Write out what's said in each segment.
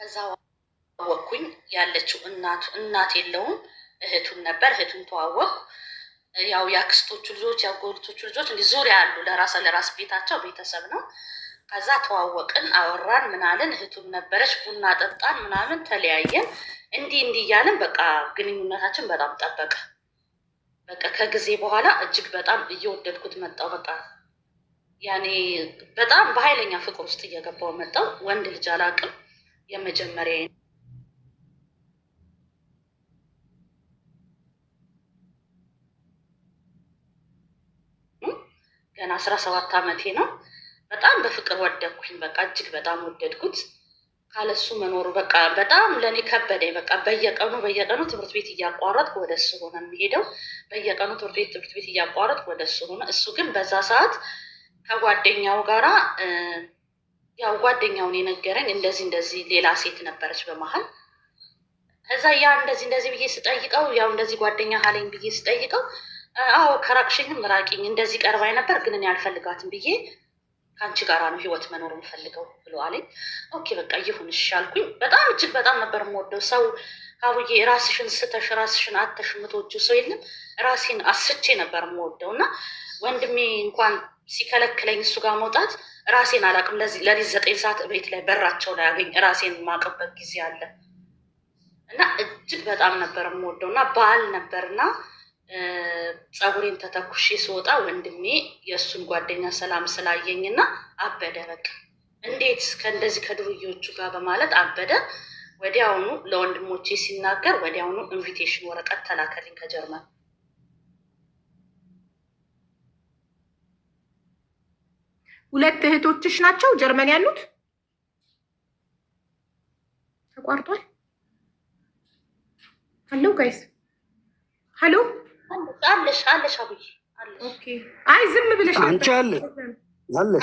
ከዛ አወቅኩኝ ያለችው እናቱ እናት የለውም እህቱን ነበር። እህቱን ተዋወቅኩ። ያው የአክስቶቹ ልጆች የአጎቶቹ ልጆች እንዲህ ዙሪያ አሉ። ለራሰ ለራስ ቤታቸው ቤተሰብ ነው። ከዛ ተዋወቅን፣ አወራን፣ ምናልን እህቱም ነበረች። ቡና ጠጣን፣ ምናምን ተለያየን። እንዲህ እንዲህ እያልን በቃ ግንኙነታችን በጣም ጠበቀ። በቃ ከጊዜ በኋላ እጅግ በጣም እየወደድኩት መጣው። በቃ ያኔ በጣም በኃይለኛ ፍቅር ውስጥ እየገባው መጣው። ወንድ ልጅ አላቅም። የመጀመሪያ ገና አስራ ሰባት አመቴ ነው። በጣም በፍቅር ወደድኩኝ። በቃ እጅግ በጣም ወደድኩት። ካለሱ መኖሩ በቃ በጣም ለእኔ ከበደኝ። በቃ በየቀኑ በየቀኑ ትምህርት ቤት እያቋረጥኩ ወደ እሱ ሆነ የሚሄደው በየቀኑ ትምህርት ቤት ትምህርት ቤት እያቋረጥኩ ወደ እሱ ሆነ። እሱ ግን በዛ ሰዓት ከጓደኛው ጋራ ያው ጓደኛውን የነገረኝ እንደዚህ እንደዚህ ሌላ ሴት ነበረች በመሀል እዛ ያ እንደዚህ እንደዚህ ብዬ ስጠይቀው ያው እንደዚህ ጓደኛ ሀለኝ ብዬ ስጠይቀው አዎ ከራቅሽኝም ራቂኝ እንደዚህ ቀርባ ነበር ግን እኔ አልፈልጋትም ብዬ ከአንቺ ጋራ ነው ህይወት መኖር የምፈልገው ብሎ አለኝ። ኦኬ በቃ ይሁን አልኩኝ። በጣም እጅግ በጣም ነበር የምወደው ሰው አቡዬ ራስሽን ስተሽ ራስሽን አተሽ ምትወጂው ሰው የለም። ራሴን አስቼ ነበር የምወደው እና ወንድሜ እንኳን ሲከለክለኝ እሱ ጋር መውጣት ራሴን አላቅም ለሊት ዘጠኝ ሰዓት ቤት ላይ በራቸው ላይ አገኝ ራሴን ማቀበት ጊዜ አለ እና እጅግ በጣም ነበር የምወደው እና በዓል ነበርና ፀጉሬን ተተኩሼ ስወጣ ወንድሜ የእሱን ጓደኛ ሰላም ስላየኝ እና አበደ። በቃ እንዴት ከእንደዚህ ከዱርዬዎቹ ጋር በማለት አበደ። ወዲያውኑ ለወንድሞቼ ሲናገር ወዲያውኑ ኢንቪቴሽን ወረቀት ተላከልኝ ከጀርመን ሁለት እህቶችሽ ናቸው ጀርመን ያሉት? ተቋርጧል። አለው ጋይስ ሀሎ አለሽ አለሽ አብይ አይ ዝም ብለሽ አንቺ አለሽ አለሽ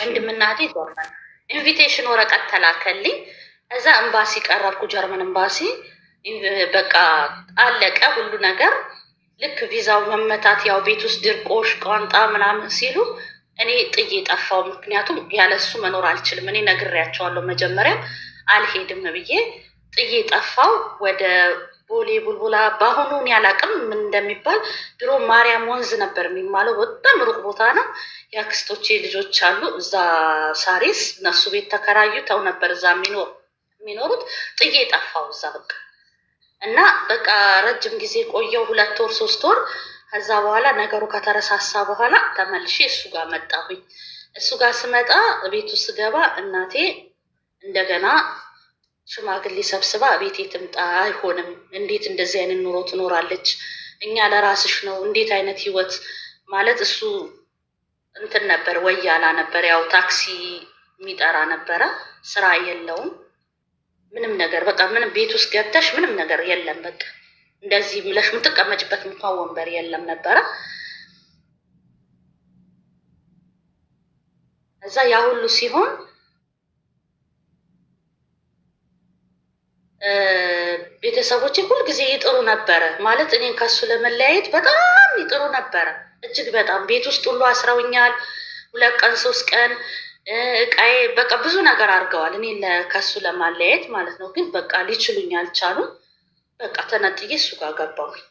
ወንድምና እህቴ ጀርመን ኢንቪቴሽን ወረቀት ተላከልኝ። እዛ ኤምባሲ ቀረብኩ፣ ጀርመን ኤምባሲ በቃ አለቀ ሁሉ ነገር። ልክ ቪዛው መመታት ያው ቤት ውስጥ ድርቆሽ ቋንጣ ምናምን ሲሉ እኔ ጥዬ ጠፋው። ምክንያቱም ያለሱ መኖር አልችልም። እኔ ነግሬያቸዋለሁ መጀመሪያ አልሄድም ብዬ ጥዬ ጠፋው ወደ ቦሌ ቡልቡላ በአሁኑ እኔ አላቅም ምን እንደሚባል። ድሮ ማርያም ወንዝ ነበር የሚማለው፣ በጣም ሩቅ ቦታ ነው። የአክስቶቼ ልጆች አሉ እዛ ሳሪስ፣ እነሱ ቤት ተው ነበር እዛ የሚኖሩት። ጥዬ ጠፋው እዛ በቃ እና በቃ ረጅም ጊዜ ቆየው፣ ሁለት ወር ሶስት ወር። ከዛ በኋላ ነገሩ ከተረሳሳ በኋላ ተመልሼ እሱ ጋር መጣሁኝ። እሱ ጋር ስመጣ ቤቱ ስገባ እናቴ እንደገና ሽማግሌ ሰብስባ ቤቴ ትምጣ። አይሆንም። እንዴት እንደዚህ አይነት ኑሮ ትኖራለች? እኛ ለራስሽ ነው እንዴት አይነት ህይወት ማለት እሱ እንትን ነበር ወያላ ነበር፣ ያው ታክሲ የሚጠራ ነበረ። ስራ የለውም ምንም ነገር በቃ ምንም ቤት ውስጥ ገብተሽ ምንም ነገር የለም። በቃ እንደዚህ ብለሽ የምትቀመጭበት እንኳን ወንበር የለም ነበረ። እዛ ያ ሁሉ ሲሆን ሁል ሁልጊዜ ይጥሩ ነበረ። ማለት እኔን ከሱ ለመለያየት በጣም ይጥሩ ነበረ፣ እጅግ በጣም ቤት ውስጥ ሁሉ አስረውኛል። ሁለት ቀን ሶስት ቀን እቃዬ በቃ ብዙ ነገር አድርገዋል፣ እኔ ከሱ ለማለያየት ማለት ነው። ግን በቃ ሊችሉኝ አልቻሉም። በቃ ተነጥዬ እሱ ጋር ገባሁኝ።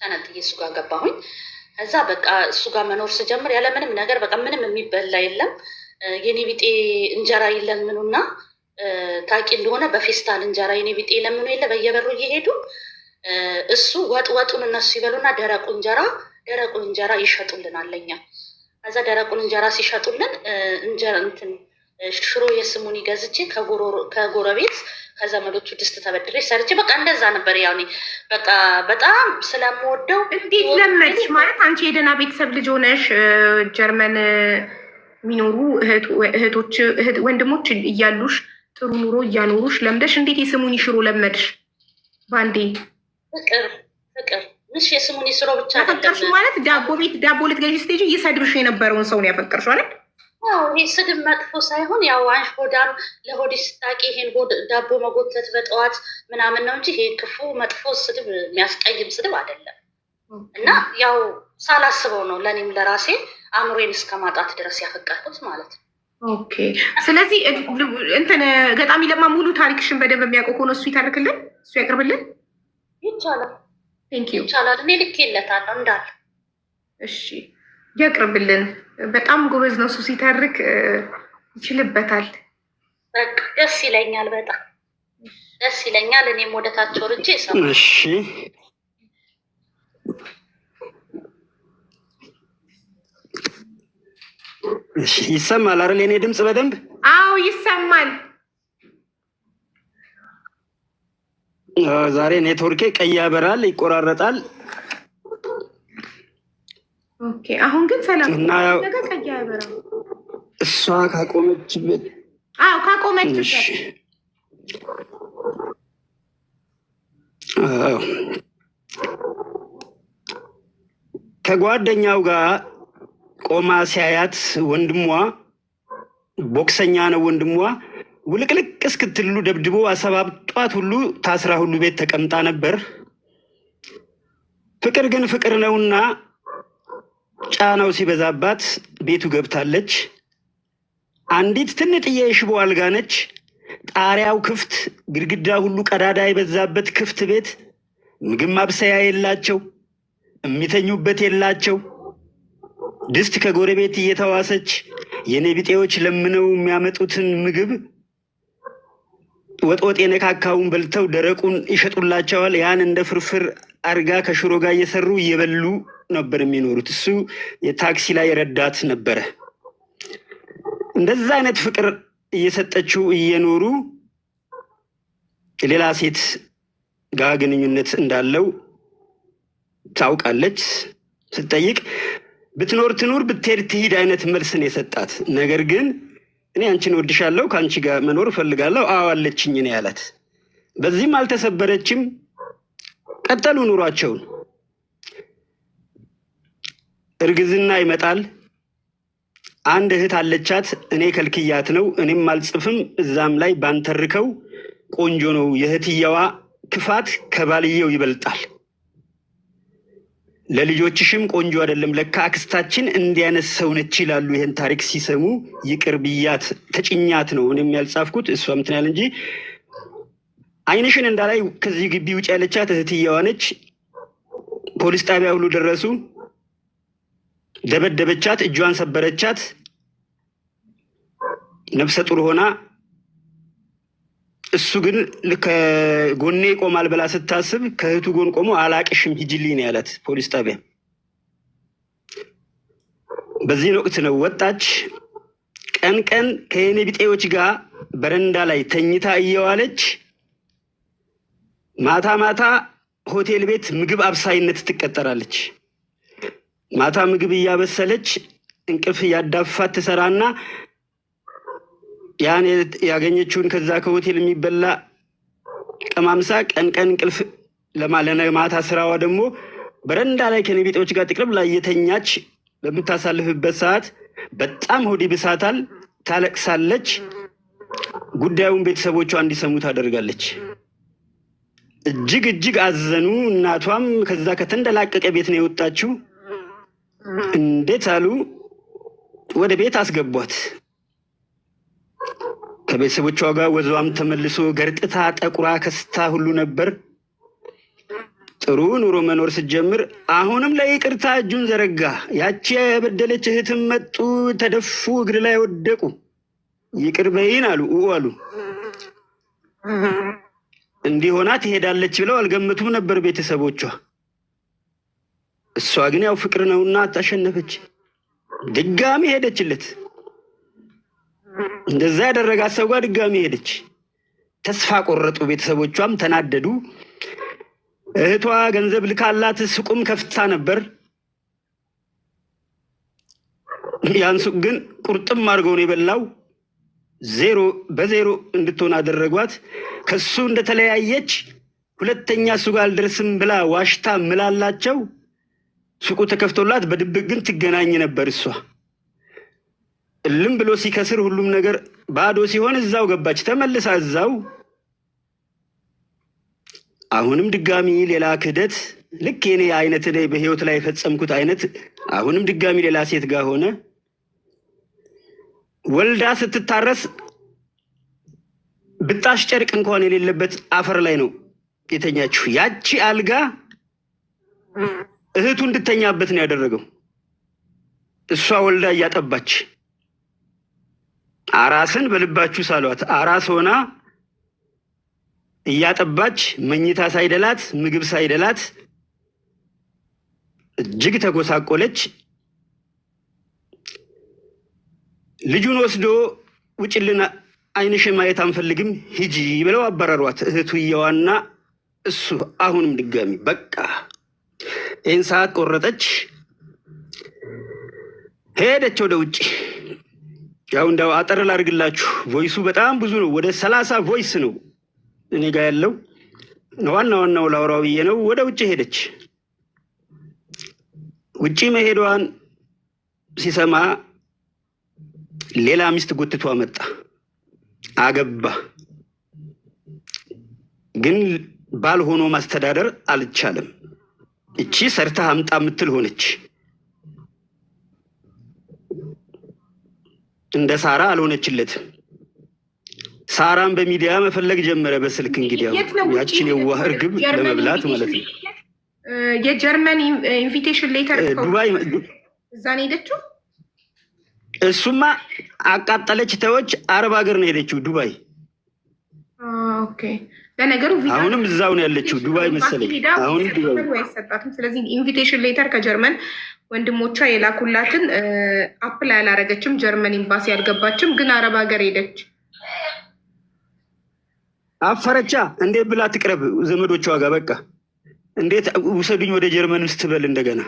ተነጥዬ እሱ ጋር ገባሁኝ። እዛ በቃ እሱ ጋር መኖር ስጀምር ያለ ምንም ነገር በቃ ምንም የሚበላ የለም የኔ ቢጤ እንጀራ የለን ምኑና ታቂ እንደሆነ በፌስታል እንጀራ የኔ ቢጤ ለምኑ የለ በየበሩ እየሄዱ እሱ ወጥ ወጡን እነሱ ይበሉና ደረቁ እንጀራ ደረቁ እንጀራ ይሸጡልን አለኛ። ከዛ ደረቁን እንጀራ ሲሸጡልን እንጀራ እንትን ሽሮ የስሙን ይገዝቼ ከጎረቤት ከዘመዶቹ ድስት ተበድሬ ሰርቼ በቃ እንደዛ ነበር። ያው በቃ በጣም ስለምወደው እንዴት ለመድሽ ማለት አንቺ የደህና ቤተሰብ ልጅ ሆነሽ ጀርመን የሚኖሩ እህቶች ወንድሞች እያሉሽ ጥሩ ኑሮ እያኖሩሽ ለምደሽ፣ እንዴት የስሙን ይሽሮ ለመድሽ ባንዴ? ፍቅር ፍቅር ምሽ የስሙን ይሽሮ ብቻ ያፈቀርሽ ማለት ዳቦ ቤት ዳቦ ልትገዢ ስቴጅ እየሰድብሽ የነበረውን ሰው ነው ያፈቀርሽ አይደል? ይህ ስድብ መጥፎ ሳይሆን ያው አንሽ ሆዳም ለሆዲ ስታቂ ይሄን ዳቦ መጎተት በጠዋት ምናምን ነው እንጂ ይሄ ክፉ መጥፎ ስድብ የሚያስቀይም ስድብ አይደለም። እና ያው ሳላስበው ነው ለእኔም ለራሴ አእምሮዬን እስከ ማጣት ድረስ ያፈቀርኩት ማለት ነው። ኦኬ። ስለዚህ እንትን ገጣሚ ለማ ሙሉ ታሪክሽን በደንብ የሚያውቀው ከሆነ እሱ ይተርክልን፣ እሱ ያቅርብልን። ይቻላል ይቻላል። እኔ ልኬለታለሁ እንዳለ። እሺ ያቅርብልን። በጣም ጎበዝ ነው እሱ ሲተርክ፣ ይችልበታል። ደስ ይለኛል፣ በጣም ደስ ይለኛል። እኔም ወደታቸው ርጄ ይሰማል። እሺ ይሰማል አይደል? የኔ ድምፅ በደንብ አዎ፣ ይሰማል። ዛሬ ኔትወርኬ ቀይ ያበራል፣ ይቆራረጣል። ኦኬ፣ አሁን ግን ሰላም ነገር ቀይ እሷ ካቆመችበት አዎ፣ ካቆመችበት ከጓደኛው ጋር ቆማ ሲያያት ወንድሟ ቦክሰኛ ነው ወንድሟ ውልቅልቅ እስክትሉ ደብድቦ አሰባብጧት ሁሉ ታስራ ሁሉ ቤት ተቀምጣ ነበር። ፍቅር ግን ፍቅር ነውና ጫናው ሲበዛባት ቤቱ ገብታለች። አንዲት ትንጥዬ የሽቦ አልጋ ነች። ጣሪያው ክፍት፣ ግድግዳ ሁሉ ቀዳዳ የበዛበት ክፍት ቤት። ምግብ ማብሰያ የላቸው፣ የሚተኙበት የላቸው። ድስት ከጎረቤት እየተዋሰች የኔቢጤዎች ለምነው የሚያመጡትን ምግብ ወጥወጥ የነካካውን በልተው ደረቁን ይሸጡላቸዋል። ያን እንደ ፍርፍር አርጋ ከሽሮ ጋር እየሰሩ እየበሉ ነበር የሚኖሩት። እሱ የታክሲ ላይ ረዳት ነበረ። እንደዛ አይነት ፍቅር እየሰጠችው እየኖሩ ሌላ ሴት ጋር ግንኙነት እንዳለው ታውቃለች ስትጠይቅ ብትኖር ትኑር ብትሄድ ትሂድ አይነት መልስን የሰጣት ነገር ግን እኔ አንቺን ወድሻለሁ ከአንቺ ጋር መኖር እፈልጋለሁ አዋለችኝ ነው ያላት። በዚህም አልተሰበረችም። ቀጠሉ ኑሯቸውን። እርግዝና ይመጣል። አንድ እህት አለቻት። እኔ ከልክያት ነው እኔም አልጽፍም። እዛም ላይ ባንተርከው ቆንጆ ነው። የእህትየዋ ክፋት ከባልየው ይበልጣል። ለልጆችሽም ቆንጆ አይደለም ለካ አክስታችን እንዲያነስ ሰው ይላሉ። ይህን ታሪክ ሲሰሙ ይቅር ብያት ተጭኛት ነው እኔም ያልጻፍኩት እሷ ምትን ያለ እንጂ ዓይንሽን እንዳላይ ከዚህ ግቢ ውጭ ያለቻት እህትየዋ ነች። ፖሊስ ጣቢያ ሁሉ ደረሱ። ደበደበቻት፣ እጇን ሰበረቻት። ነፍሰ ጡር ሆና እሱ ግን ከጎኔ ይቆማል ብላ ስታስብ ከእህቱ ጎን ቆሞ አላቅሽም ሂጂልኝ ነው ያላት ፖሊስ ጣቢያ። በዚህን ወቅት ነው ወጣች። ቀን ቀን ከየኔ ቢጤዎች ጋር በረንዳ ላይ ተኝታ እየዋለች ማታ ማታ ሆቴል ቤት ምግብ አብሳይነት ትቀጠራለች። ማታ ምግብ እያበሰለች እንቅልፍ እያዳፋት ትሰራና ያን ያገኘችውን ከዛ ከሆቴል የሚበላ ቀማምሳ ቀን ቀን እንቅልፍ ለማታ ስራዋ ደግሞ በረንዳ ላይ ከኔ ቤጤዎች ጋር ጥቅርብ ላይ የተኛች በምታሳልፍበት ሰዓት በጣም ሆዲ ብሳታል፣ ታለቅሳለች። ጉዳዩን ቤተሰቦቿ እንዲሰሙ ታደርጋለች። እጅግ እጅግ አዘኑ። እናቷም ከዛ ከተንደላቀቀ ቤት ነው የወጣችው። እንዴት አሉ፣ ወደ ቤት አስገቧት። ከቤተሰቦቿ ጋር ወዟም ተመልሶ ገርጥታ ጠቁራ ከስታ ሁሉ ነበር። ጥሩ ኑሮ መኖር ስትጀምር አሁንም ለይቅርታ እጁን ዘረጋ። ያቺ የበደለች እህትም መጡ፣ ተደፉ፣ እግር ላይ ወደቁ። ይቅር በይን አሉ ኡ አሉ። እንዲህ ሆና ትሄዳለች ብለው አልገመቱም ነበር ቤተሰቦቿ። እሷ ግን ያው ፍቅር ነውና ታሸነፈች። ድጋሚ ሄደችለት። እንደዛ ያደረጋት ሰው ጋር ድጋሚ ሄደች። ተስፋ ቆረጡ። ቤተሰቦቿም ተናደዱ። እህቷ ገንዘብ ልካላት ሱቁም ከፍታ ነበር። ያን ሱቅ ግን ቁርጥም አድርገውን የበላው። ዜሮ በዜሮ እንድትሆን አደረጓት። ከሱ እንደተለያየች ሁለተኛ እሱ ጋር አልደርስም ብላ ዋሽታ ምላላቸው። ሱቁ ተከፍቶላት በድብቅ ግን ትገናኝ ነበር እሷ እልም ብሎ ሲከስር ሁሉም ነገር ባዶ ሲሆን እዛው ገባች ተመልሳ እዛው። አሁንም ድጋሚ ሌላ ክህደት ልክ የኔ አይነት በህይወት ላይ የፈጸምኩት አይነት አሁንም ድጋሚ ሌላ ሴት ጋር ሆነ። ወልዳ ስትታረስ ብጣሽ ጨርቅ እንኳን የሌለበት አፈር ላይ ነው የተኛችሁ። ያቺ አልጋ እህቱ እንድተኛበት ነው ያደረገው፣ እሷ ወልዳ እያጠባች አራስን በልባችሁ ሳሏት። አራስ ሆና እያጠባች መኝታ ሳይደላት ምግብ ሳይደላት እጅግ ተጎሳቆለች። ልጁን ወስዶ ውጭልን፣ አይንሽ ማየት አንፈልግም፣ ሂጂ ብለው አባረሯት። እህቱየዋና እሱ አሁንም ድጋሚ በቃ ይህን ሰዓት ቆረጠች፣ ሄደች ወደ ውጭ ያው እንደው አጠር ላድርግላችሁ። ቮይሱ በጣም ብዙ ነው። ወደ ሰላሳ ቮይስ ነው እኔ ጋር ያለው። ዋና ዋናው ላውራው ብዬ ነው። ወደ ውጭ ሄደች። ውጭ መሄዷን ሲሰማ ሌላ ሚስት ጎትቶ መጣ፣ አገባ። ግን ባል ሆኖ ማስተዳደር አልቻለም። እቺ ሰርታ አምጣ የምትል ሆነች። እንደ ሳራ አልሆነችለትም። ሳራን በሚዲያ መፈለግ ጀመረ በስልክ እንግዲህ ያችን የዋህ እርግብ ለመብላት ማለት ነው። የጀርመን ኢንቪቴሽን ሌተር ዱባይ እዛን ሄደችው። እሱማ አቃጠለች ተወች። አረብ ሀገር ነው ሄደችው ዱባይ። ለነገሩ አሁንም እዛው ነው ያለችው ዱባይ መሰለኝ። አሁንም ስለዚህ ኢንቪቴሽን ሌተር ከጀርመን ወንድሞቿ የላኩላትን አፕላይ አላረገችም። ጀርመን ኤምባሲ አልገባችም፣ ግን አረብ ሀገር ሄደች። አፈረቻ። እንዴት ብላ ትቅረብ ዘመዶቿ ጋር? በቃ እንዴት ውሰዱኝ ወደ ጀርመን ስትበል እንደገና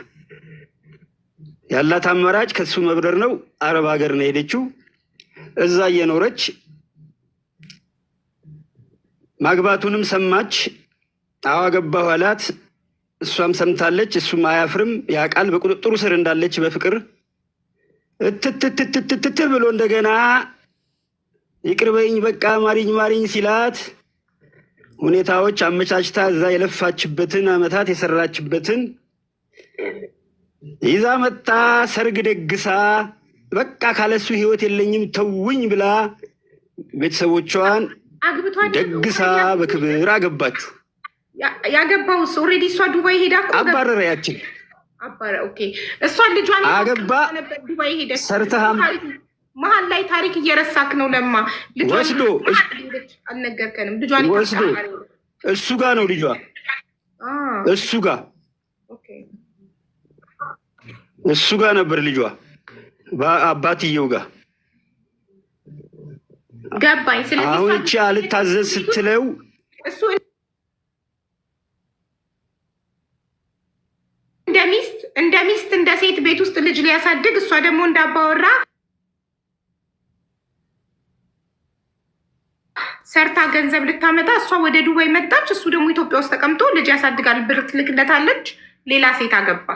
ያላት አማራጭ ከሱ መብረር ነው። አረብ ሀገር ነው የሄደችው። እዛ እየኖረች ማግባቱንም ሰማች። አዋ ገባሁ እሷም ሰምታለች፣ እሱም አያፍርም። ያ ቃል በቁጥጥሩ ስር እንዳለች በፍቅር እትትትትትት ብሎ እንደገና ይቅርበኝ በቃ ማሪኝ ማሪኝ ሲላት ሁኔታዎች አመቻችታ እዛ የለፋችበትን አመታት የሰራችበትን ይዛ መጣ። ሰርግ ደግሳ በቃ ካለሱ ህይወት የለኝም ተውኝ ብላ ቤተሰቦቿን ደግሳ በክብር አገባችሁ። ያገባው ኦልሬዲ እሷ ዱባይ ሄዳ አባረረ። ያችን እሷን ልጇን አገባ ዱባይ ሄደ። ሰርተሃም መሀል ላይ ታሪክ እየረሳክ ነው። ለማ ወስዶ አልነገርከንም። ልጇን ወስዶ እሱ ጋ ነው ልጇ እሱ ጋ እሱ ጋ ነበር ልጇ አባትየው ጋ ገባኝ። ስለዚህ አሁን እቺ አልታዘዝ ስትለው ሊያሳድግ እሷ ደግሞ እንዳባወራ ሰርታ ገንዘብ ልታመጣ እሷ ወደ ዱባይ መጣች። እሱ ደግሞ ኢትዮጵያ ውስጥ ተቀምጦ ልጅ ያሳድጋል። ብር ትልክለታለች። ሌላ ሴት አገባ።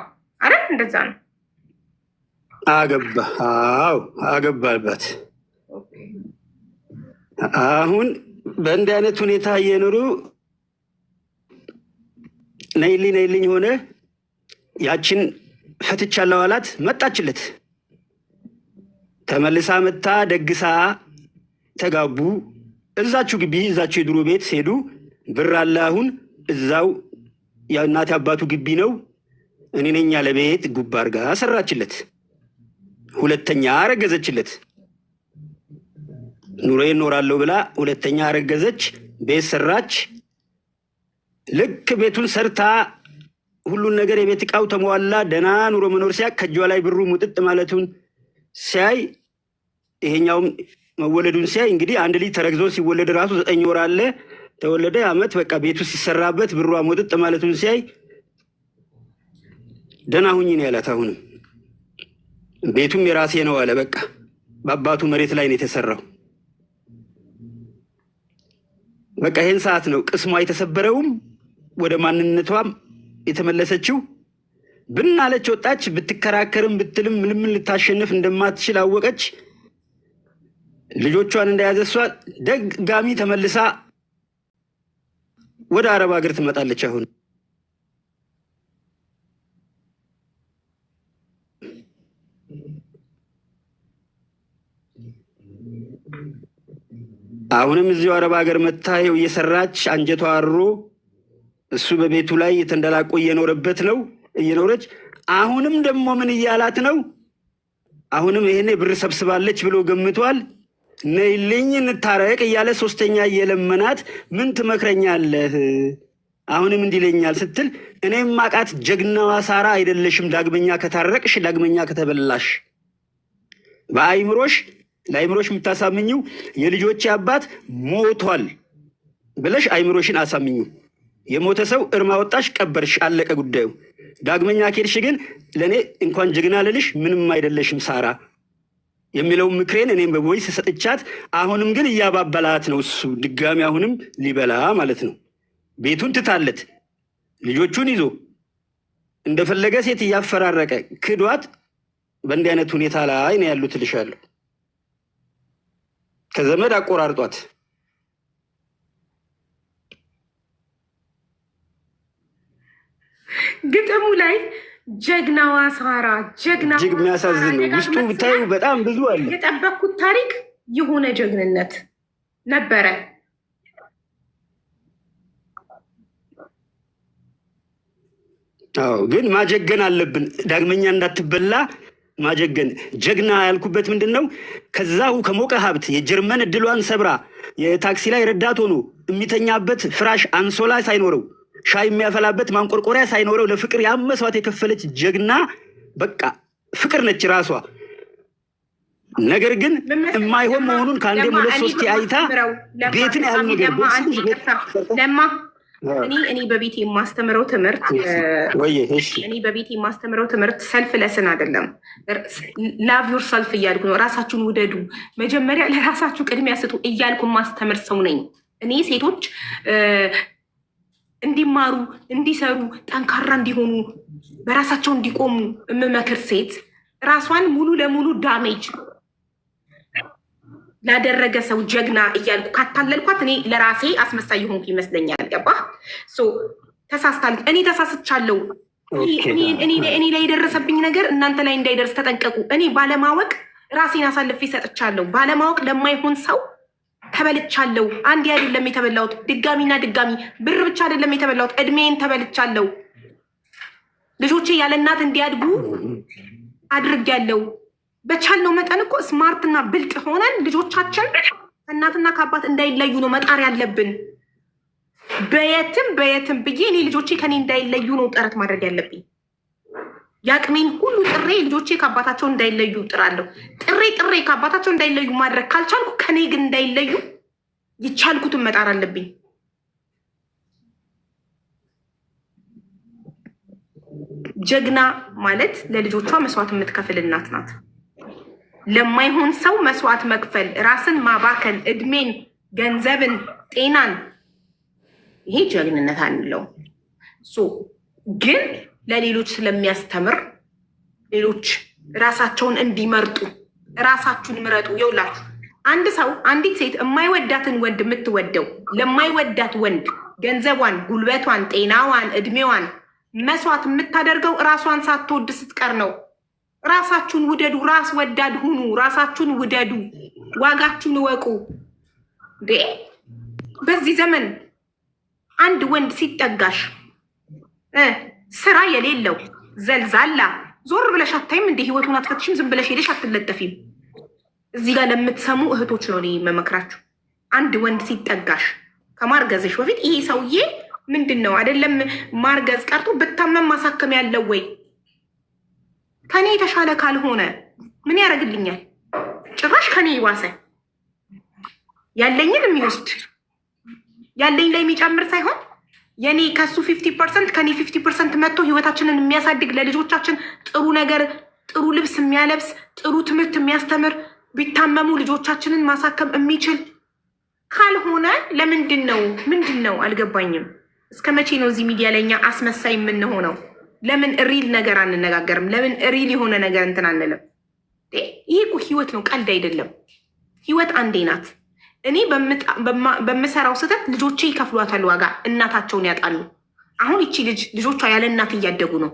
አረ እንደዛ ነው። አገባ። አዎ አገባልባት። አሁን በእንዲህ አይነት ሁኔታ እየኖሩ ነይልኝ ነይልኝ ሆነ ያችን ፈትቻለሁ አላት። መጣችለት። ተመልሳ መታ ደግሳ ተጋቡ። እዛችሁ ግቢ እዛችሁ የድሮ ቤት ሄዱ። ብር አለ አሁን እዛው የእናት አባቱ ግቢ ነው። እኔ ነኝ ያለ ቤት ጉባ አድርጋ ሰራችለት። ሁለተኛ አረገዘችለት። ኑሮዬ እኖራለሁ ብላ ሁለተኛ አረገዘች። ቤት ሰራች። ልክ ቤቱን ሰርታ ሁሉን ነገር የቤት እቃው ተሟላ ደህና ኑሮ መኖር ሲያ ከእጇ ላይ ብሩ ሙጥጥ ማለቱን ሲያይ ይሄኛውም መወለዱን ሲያይ እንግዲህ አንድ ልጅ ተረግዞ ሲወለድ ራሱ ዘጠኝ ወር አለ ተወለደ አመት በቃ ቤቱ ሲሰራበት ብሯ ሙጥጥ ማለቱን ሲያይ ደህና ሁኝ ነው ያላት። አሁንም ቤቱም የራሴ ነው አለ። በቃ በአባቱ መሬት ላይ ነው የተሰራው። በቃ ይህን ሰዓት ነው ቅስሟ የተሰበረውም ወደ ማንነቷም የተመለሰችው ብናለች ወጣች። ብትከራከርም ብትልም ምንም ልታሸንፍ እንደማትችል አወቀች። ልጆቿን እንደያዘ እሷ ደጋሚ ተመልሳ ወደ አረብ ሀገር ትመጣለች። አሁን አሁንም እዚሁ አረብ ሀገር መታየው እየሰራች አንጀቷ አሮ እሱ በቤቱ ላይ የተንደላቆ እየኖረበት ነው እየኖረች አሁንም ደግሞ ምን እያላት ነው? አሁንም ይሄኔ ብር ሰብስባለች ብሎ ገምቷል። ነይልኝ እንታረቅ እያለ ሶስተኛ እየለመናት ምን ትመክረኛለህ? አሁንም እንዲለኛል ስትል እኔም ማቃት ጀግናዋ ሳራ አይደለሽም፣ ዳግመኛ ከታረቅሽ፣ ዳግመኛ ከተበላሽ በአይምሮሽ ለአይምሮሽ የምታሳምኝው የልጆች አባት ሞቷል ብለሽ አይምሮሽን አሳምኙ። የሞተ ሰው እርማ ወጣሽ፣ ቀበርሽ፣ አለቀ ጉዳዩ። ዳግመኛ ኬድሽ ግን ለእኔ እንኳን ጀግና ልልሽ ምንም አይደለሽም ሳራ የሚለው ምክሬን እኔም በቦይስ ሰጥቻት፣ አሁንም ግን እያባበላት ነው እሱ ድጋሚ አሁንም ሊበላ ማለት ነው። ቤቱን ትታለት ልጆቹን ይዞ እንደፈለገ ሴት እያፈራረቀ ክዷት፣ በእንዲህ አይነት ሁኔታ ላይ ነው ያሉት እልሻለሁ። ከዘመድ አቆራርጧት ግጥሙ ላይ ጀግናዋ ሳራ ጀግና እጅግ የሚያሳዝን ነው። ውስጡ ብታዩ በጣም ብዙ አለ። የጠበኩት ታሪክ የሆነ ጀግንነት ነበረ። አዎ ግን ማጀገን አለብን። ዳግመኛ እንዳትበላ ማጀገን። ጀግና ያልኩበት ምንድን ነው? ከዛሁ ከሞቀ ሀብት የጀርመን እድሏን ሰብራ የታክሲ ላይ ረዳት ሆኖ የሚተኛበት ፍራሽ አንሶላ ሳይኖረው ሻይ የሚያፈላበት ማንቆርቆሪያ ሳይኖረው ለፍቅር ያመሰዋት የከፈለች ጀግና በቃ ፍቅር ነች ራሷ። ነገር ግን የማይሆን መሆኑን ከአንዴ ሁለት ሶስት አይታ ቤትን ያህል ነገር ለማ እኔ እኔ በቤት የማስተምረው ትምህርት እኔ በቤት የማስተምረው ትምህርት ሰልፍ ለስን አይደለም። ላቭ ዩር ሰልፍ እያልኩ ነው። ራሳችሁን ውደዱ፣ መጀመሪያ ለራሳችሁ ቅድሚያ ስጡ እያልኩ ማስተምር ሰው ነኝ። እኔ ሴቶች እንዲማሩ፣ እንዲሰሩ፣ ጠንካራ እንዲሆኑ፣ በራሳቸው እንዲቆሙ የምመክር ሴት ራሷን ሙሉ ለሙሉ ዳሜጅ ላደረገ ሰው ጀግና እያልኩ ካታለልኳት እኔ ለራሴ አስመሳይ የሆንኩ ይመስለኛል። ገባ ተሳስታል። እኔ ተሳስቻለሁ። እኔ ላይ የደረሰብኝ ነገር እናንተ ላይ እንዳይደርስ ተጠንቀቁ። እኔ ባለማወቅ ራሴን አሳልፌ ሰጥቻለሁ። ባለማወቅ ለማይሆን ሰው ተበልቻለሁ። አንድ አይደለም የተበላሁት፣ ድጋሚና ድጋሚ ብር ብቻ አይደለም የተበላሁት፣ እድሜን ተበልቻለሁ። ልጆቼ ያለ እናት እንዲያድጉ አድርጌያለሁ። በቻልነው መጠን እኮ ስማርትና ብልጥ ሆነን ልጆቻችን ከእናትና ከአባት እንዳይለዩ ነው መጣር ያለብን። በየትም በየትም ብዬ እኔ ልጆቼ ከኔ እንዳይለዩ ነው ጥረት ማድረግ ያለብኝ። የአቅሜን ሁሉ ጥሬ ልጆቼ ከአባታቸው እንዳይለዩ ጥራለሁ። ጥሬ ጥሬ ከአባታቸው እንዳይለዩ ማድረግ ካልቻልኩ ከኔ ግን እንዳይለዩ የቻልኩትን መጣር አለብኝ። ጀግና ማለት ለልጆቿ መስዋዕት የምትከፍል እናት ናት። ለማይሆን ሰው መስዋዕት መክፈል፣ ራስን ማባከን፣ እድሜን፣ ገንዘብን፣ ጤናን ይሄ ጀግንነት አንለው ግን ለሌሎች ስለሚያስተምር ሌሎች ራሳቸውን እንዲመርጡ ራሳችሁን ምረጡ። የውላችሁ አንድ ሰው አንዲት ሴት የማይወዳትን ወንድ የምትወደው ለማይወዳት ወንድ ገንዘቧን፣ ጉልበቷን፣ ጤናዋን፣ እድሜዋን መስዋዕት የምታደርገው ራሷን ሳትወድ ስትቀር ነው። ራሳችሁን ውደዱ። ራስ ወዳድ ሁኑ። ራሳችሁን ውደዱ። ዋጋችሁን እወቁ። በዚህ ዘመን አንድ ወንድ ሲጠጋሽ ስራ የሌለው ዘልዛላ ዞር ብለሽ አታይም እንደ ህይወቱን አትፈትሽም። ዝም ብለሽ ሄደሽ አትለጠፊም። እዚህ ጋር ለምትሰሙ እህቶች ነው እኔ መመክራችሁ። አንድ ወንድ ሲጠጋሽ ከማርገዝሽ በፊት ይሄ ሰውዬ ምንድን ነው አይደለም ማርገዝ ቀርቶ ብታመም ማሳከም ያለው ወይ ከኔ የተሻለ ካልሆነ ምን ያደርግልኛል? ጭራሽ ከኔ ይዋሰ ያለኝን የሚወስድ ያለኝ ላይ የሚጨምር ሳይሆን የኔ ከሱ ፊፍቲ ፐርሰንት ከኔ ፊፍቲ ፐርሰንት መጥቶ ህይወታችንን የሚያሳድግ ለልጆቻችን ጥሩ ነገር ጥሩ ልብስ የሚያለብስ ጥሩ ትምህርት የሚያስተምር ቢታመሙ ልጆቻችንን ማሳከም የሚችል ካልሆነ ለምንድን ነው ምንድን ነው አልገባኝም። እስከ መቼ ነው እዚህ ሚዲያ ላይ አስመሳይ የምንሆነው? ለምን ሪል ነገር አንነጋገርም? ለምን ሪል የሆነ ነገር እንትን አንልም? ይሄ እኮ ህይወት ነው፣ ቀልድ አይደለም። ህይወት አንዴ ናት። እኔ በምሰራው ስህተት ልጆቼ ይከፍሏታል ዋጋ፣ እናታቸውን ያጣሉ። አሁን ይቺ ልጅ ልጆቿ ያለ እናት እያደጉ ነው።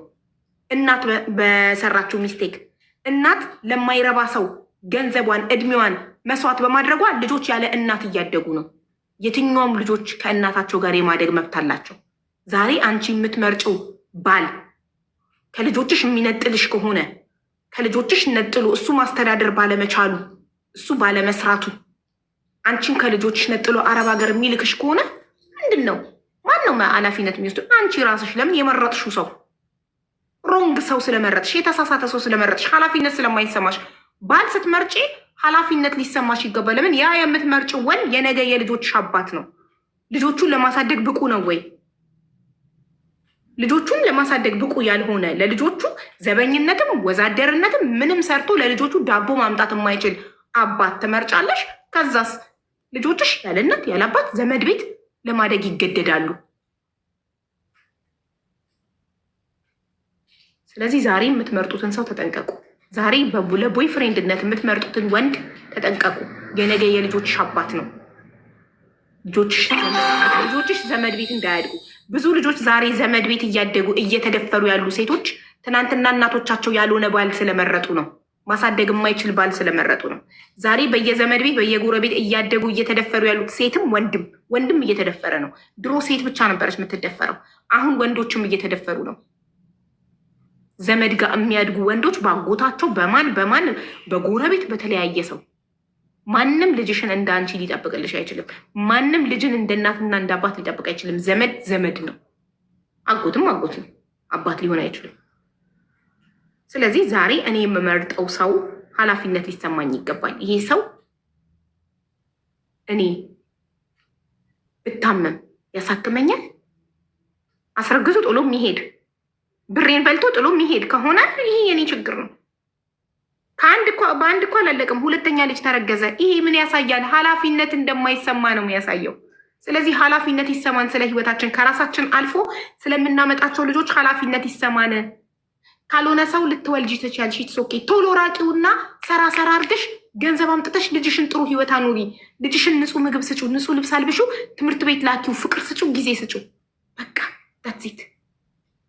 እናት በሰራችው ሚስቴክ እናት ለማይረባ ሰው ገንዘቧን እድሜዋን መስዋዕት በማድረጓ ልጆች ያለ እናት እያደጉ ነው። የትኛውም ልጆች ከእናታቸው ጋር የማደግ መብት አላቸው። ዛሬ አንቺ የምትመርጭው ባል ከልጆችሽ የሚነጥልሽ ከሆነ ከልጆችሽ ነጥሎ እሱ ማስተዳደር ባለመቻሉ እሱ ባለመስራቱ አንቺን ከልጆች ነጥሎ አረብ ሀገር የሚልክሽ ከሆነ ምንድን ነው ማን ነው ኃላፊነት የሚወስዱ? አንቺ ራስሽ ለምን የመረጥሽው ሰው ሮንግ ሰው ስለመረጥሽ የተሳሳተ ሰው ስለመረጥሽ ኃላፊነት ስለማይሰማሽ ባል ስትመርጪ ኃላፊነት ሊሰማሽ ይገባል። ለምን ያ የምትመርጭ ወንድ የነገ የልጆች አባት ነው። ልጆቹን ለማሳደግ ብቁ ነው ወይ? ልጆቹን ለማሳደግ ብቁ ያልሆነ ለልጆቹ ዘበኝነትም ወዛደርነትም ምንም ሰርቶ ለልጆቹ ዳቦ ማምጣት የማይችል አባት ትመርጫለሽ። ከዛስ ልጆችሽ ያለ እናት ያለ አባት ዘመድ ቤት ለማደግ ይገደዳሉ። ስለዚህ ዛሬ የምትመርጡትን ሰው ተጠንቀቁ። ዛሬ ለቦይ ፍሬንድነት የምትመርጡትን ወንድ ተጠንቀቁ። የነገ የልጆችሽ አባት ነው። ልጆችሽ ዘመድ ቤት እንዳያድጉ። ብዙ ልጆች ዛሬ ዘመድ ቤት እያደጉ እየተደፈሩ ያሉ ሴቶች ትናንትና እናቶቻቸው ያልሆነ ባል ስለመረጡ ነው። ማሳደግ የማይችል ባል ስለመረጡ ነው። ዛሬ በየዘመድ ቤት በየጎረቤት እያደጉ እየተደፈሩ ያሉት ሴትም ወንድም ወንድም እየተደፈረ ነው። ድሮ ሴት ብቻ ነበረች የምትደፈረው፣ አሁን ወንዶችም እየተደፈሩ ነው። ዘመድ ጋር የሚያድጉ ወንዶች ባጎታቸው፣ በማን በማን በጎረቤት በተለያየ ሰው። ማንም ልጅሽን እንደ አንቺ ሊጠብቅልሽ አይችልም። ማንም ልጅን እንደ እናትና እንደ አባት ሊጠብቅ አይችልም። ዘመድ ዘመድ ነው። አጎትም አጎት ነው። አባት ሊሆን አይችልም። ስለዚህ ዛሬ እኔ የምመርጠው ሰው ኃላፊነት ሊሰማኝ ይገባል። ይሄ ሰው እኔ ብታመም ያሳክመኛል፣ አስረግዞ ጥሎ የሚሄድ ብሬን በልቶ ጥሎ የሚሄድ ከሆነ ይሄ የኔ ችግር ነው። ከአንድ በአንድ እኮ አላለቅም፣ ሁለተኛ ልጅ ተረገዘ። ይሄ ምን ያሳያል? ኃላፊነት እንደማይሰማ ነው የሚያሳየው። ስለዚህ ኃላፊነት ይሰማን፣ ስለ ህይወታችን ከራሳችን አልፎ ስለምናመጣቸው ልጆች ኃላፊነት ይሰማን። ካልሆነ ሰው ልትወልጂ ትችያለሽ። ሶኬ ቶሎ ራቂውና ሰራ ሰራ አርገሽ ገንዘብ አምጥተሽ ልጅሽን ጥሩ ህይወት አኑሪ። ልጅሽን ንጹህ ምግብ ስጩ ንጹህ ልብስ አልብሹ፣ ትምህርት ቤት ላኪው፣ ፍቅር ስጩ ጊዜ ስጩ በቃ ዳትዚት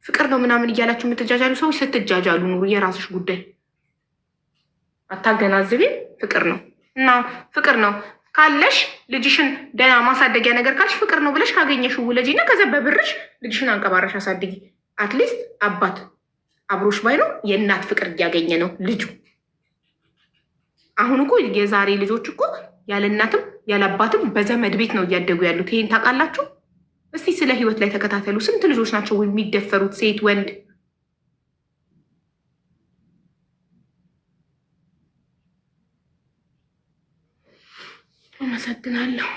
ፍቅር ነው ምናምን እያላችሁ የምትጃጃሉ ሰዎች ስትጃጃሉ ኑሩ። የራስሽ ጉዳይ አታገናዝቤ። ፍቅር ነው እና ፍቅር ነው ካለሽ ልጅሽን ደህና ማሳደጊያ ነገር ካልሽ ፍቅር ነው ብለሽ ካገኘሽ ውለጂና ከዛ በብርሽ ልጅሽን አንቀባረሽ አሳድጊ። አትሊስት አባት አብሮሽ ባይኖር የእናት ፍቅር እያገኘ ነው ልጁ። አሁን እኮ የዛሬ ልጆች እኮ ያለ እናትም ያለ አባትም በዘመድ ቤት ነው እያደጉ ያሉት። ይሄን ታውቃላችሁ? እስቲ ስለ ህይወት ላይ ተከታተሉ። ስንት ልጆች ናቸው የሚደፈሩት? ሴት ወንድ አመሰግናለሁ።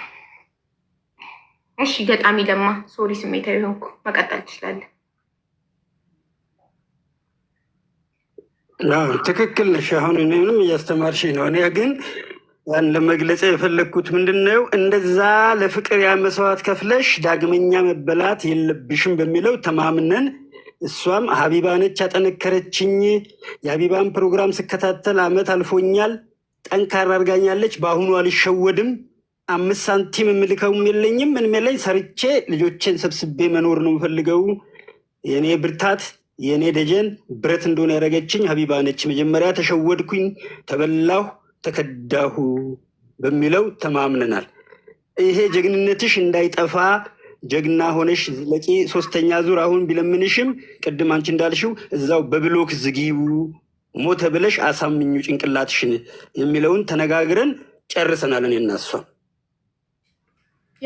እሺ ገጣሚ ለማ ሶሪ፣ ስሜታዊ ሆንኩ። መቀጠል ትችላለን። ትክክል ነሽ። አሁን እኔንም እያስተማርሽ ነው። እኔ ግን ያን ለመግለጽ የፈለግኩት ምንድን ነው እንደዛ ለፍቅር ያ መስዋዕት ከፍለሽ ዳግመኛ መበላት የለብሽም በሚለው ተማምነን እሷም ሀቢባ ነች ያጠነከረችኝ። የሀቢባን ፕሮግራም ስከታተል አመት አልፎኛል። ጠንካራ አድርጋኛለች። በአሁኑ አልሸወድም። አምስት ሳንቲም የምልከውም የለኝም። ምንም ላይ ሰርቼ ልጆቼን ሰብስቤ መኖር ነው የምፈልገው የእኔ ብርታት የእኔ ደጀን ብረት እንደሆነ ያደረገችኝ ሀቢባ ነች። መጀመሪያ ተሸወድኩኝ፣ ተበላሁ፣ ተከዳሁ በሚለው ተማምነናል። ይሄ ጀግንነትሽ እንዳይጠፋ ጀግና ሆነሽ ለቂ ሶስተኛ ዙር አሁን ቢለምንሽም ቅድም አንቺ እንዳልሽው እዛው በብሎክ ዝጊው ሞተ ብለሽ አሳምኙ ጭንቅላትሽን የሚለውን ተነጋግረን ጨርሰናል። እኔ እና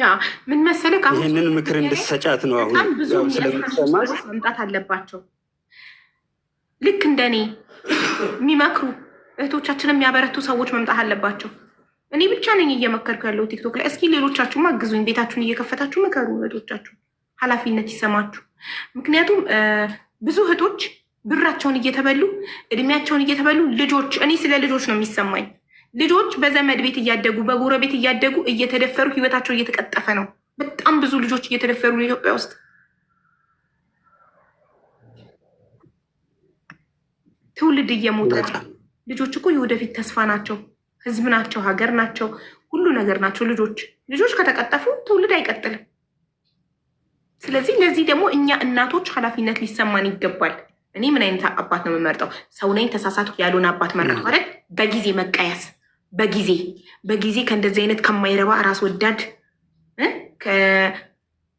ያ ምን መሰለህ፣ ይህንን ምክር እንድሰጫት ነው አሁን ስለምትሰማሽ መምጣት አለባቸው። ልክ እንደኔ የሚመክሩ እህቶቻችን የሚያበረቱ ሰዎች መምጣት አለባቸው። እኔ ብቻ ነኝ እየመከርኩ ያለው ቲክቶክ ላይ። እስኪ ሌሎቻችሁም አግዙኝ። ቤታችሁን እየከፈታችሁ መከሩ እህቶቻችሁ፣ ኃላፊነት ይሰማችሁ። ምክንያቱም ብዙ እህቶች ብራቸውን እየተበሉ እድሜያቸውን እየተበሉ ልጆች፣ እኔ ስለ ልጆች ነው የሚሰማኝ። ልጆች በዘመድ ቤት እያደጉ በጎረቤት እያደጉ እየተደፈሩ ህይወታቸው እየተቀጠፈ ነው። በጣም ብዙ ልጆች እየተደፈሩ ኢትዮጵያ ውስጥ። ትውልድ እየሞተ ነው። ልጆች እኮ የወደፊት ተስፋ ናቸው፣ ህዝብ ናቸው፣ ሀገር ናቸው፣ ሁሉ ነገር ናቸው። ልጆች ልጆች ከተቀጠፉ ትውልድ አይቀጥልም። ስለዚህ ለዚህ ደግሞ እኛ እናቶች ኃላፊነት ሊሰማን ይገባል። እኔ ምን አይነት አባት ነው የምመርጠው? ሰው ነኝ ተሳሳት ያልሆነ አባት መረጥ ማለት በጊዜ መቀያስ በጊዜ በጊዜ ከእንደዚህ አይነት ከማይረባ ራስ ወዳድ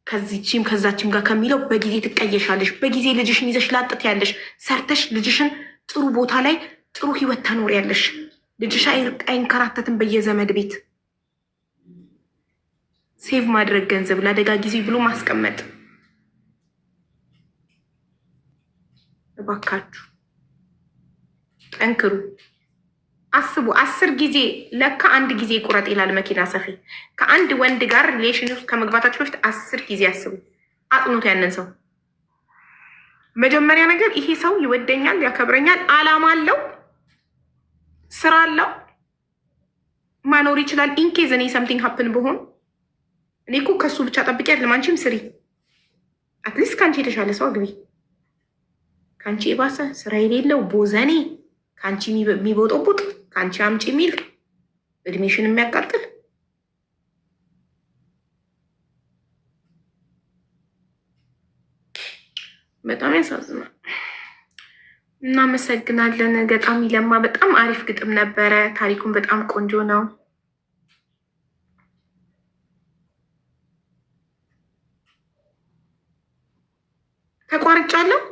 ከዚችም ከዛችም ጋር ከሚለው በጊዜ ትቀየሻለሽ። በጊዜ ልጅሽን ይዘሽ ላጥት ያለሽ ሰርተሽ ልጅሽን ጥሩ ቦታ ላይ ጥሩ ህይወት ያለሽ ልጅሽ አይንከራተትም በየዘመድ ቤት። ሴቭ ማድረግ ገንዘብ ለአደጋ ጊዜ ብሎ ማስቀመጥ። እባካችሁ ጠንክሩ፣ አስቡ። አስር ጊዜ ለካ አንድ ጊዜ ቁረጥ ይላል መኪና ሰፊ። ከአንድ ወንድ ጋር ሪሌሽን ውስጥ ከመግባታችሁ በፊት አስር ጊዜ አስቡ፣ አጥኑት ያንን ሰው መጀመሪያ ነገር ይሄ ሰው ይወደኛል፣ ያከብረኛል፣ አላማ አለው፣ ስራ አለው፣ ማኖር ይችላል። ኢንኬዝ እኔ ሰምቲንግ ሀፕን ብሆን እኔ እኮ ከሱ ብቻ ጠብቄ አይደለም፣ አንቺም ስሪ። አትሊስት ከአንቺ የተሻለ ሰው አግቢ። ከአንቺ የባሰ ስራ የሌለው ቦዘኔ፣ ከአንቺ የሚቦጠቡጥ፣ ከአንቺ አምጪ የሚል እድሜሽን የሚያቃጥል በጣም ያሳዝናል። እናመሰግናለን ገጣሚ ለማ። በጣም አሪፍ ግጥም ነበረ። ታሪኩን በጣም ቆንጆ ነው። ተቋርጫለሁ።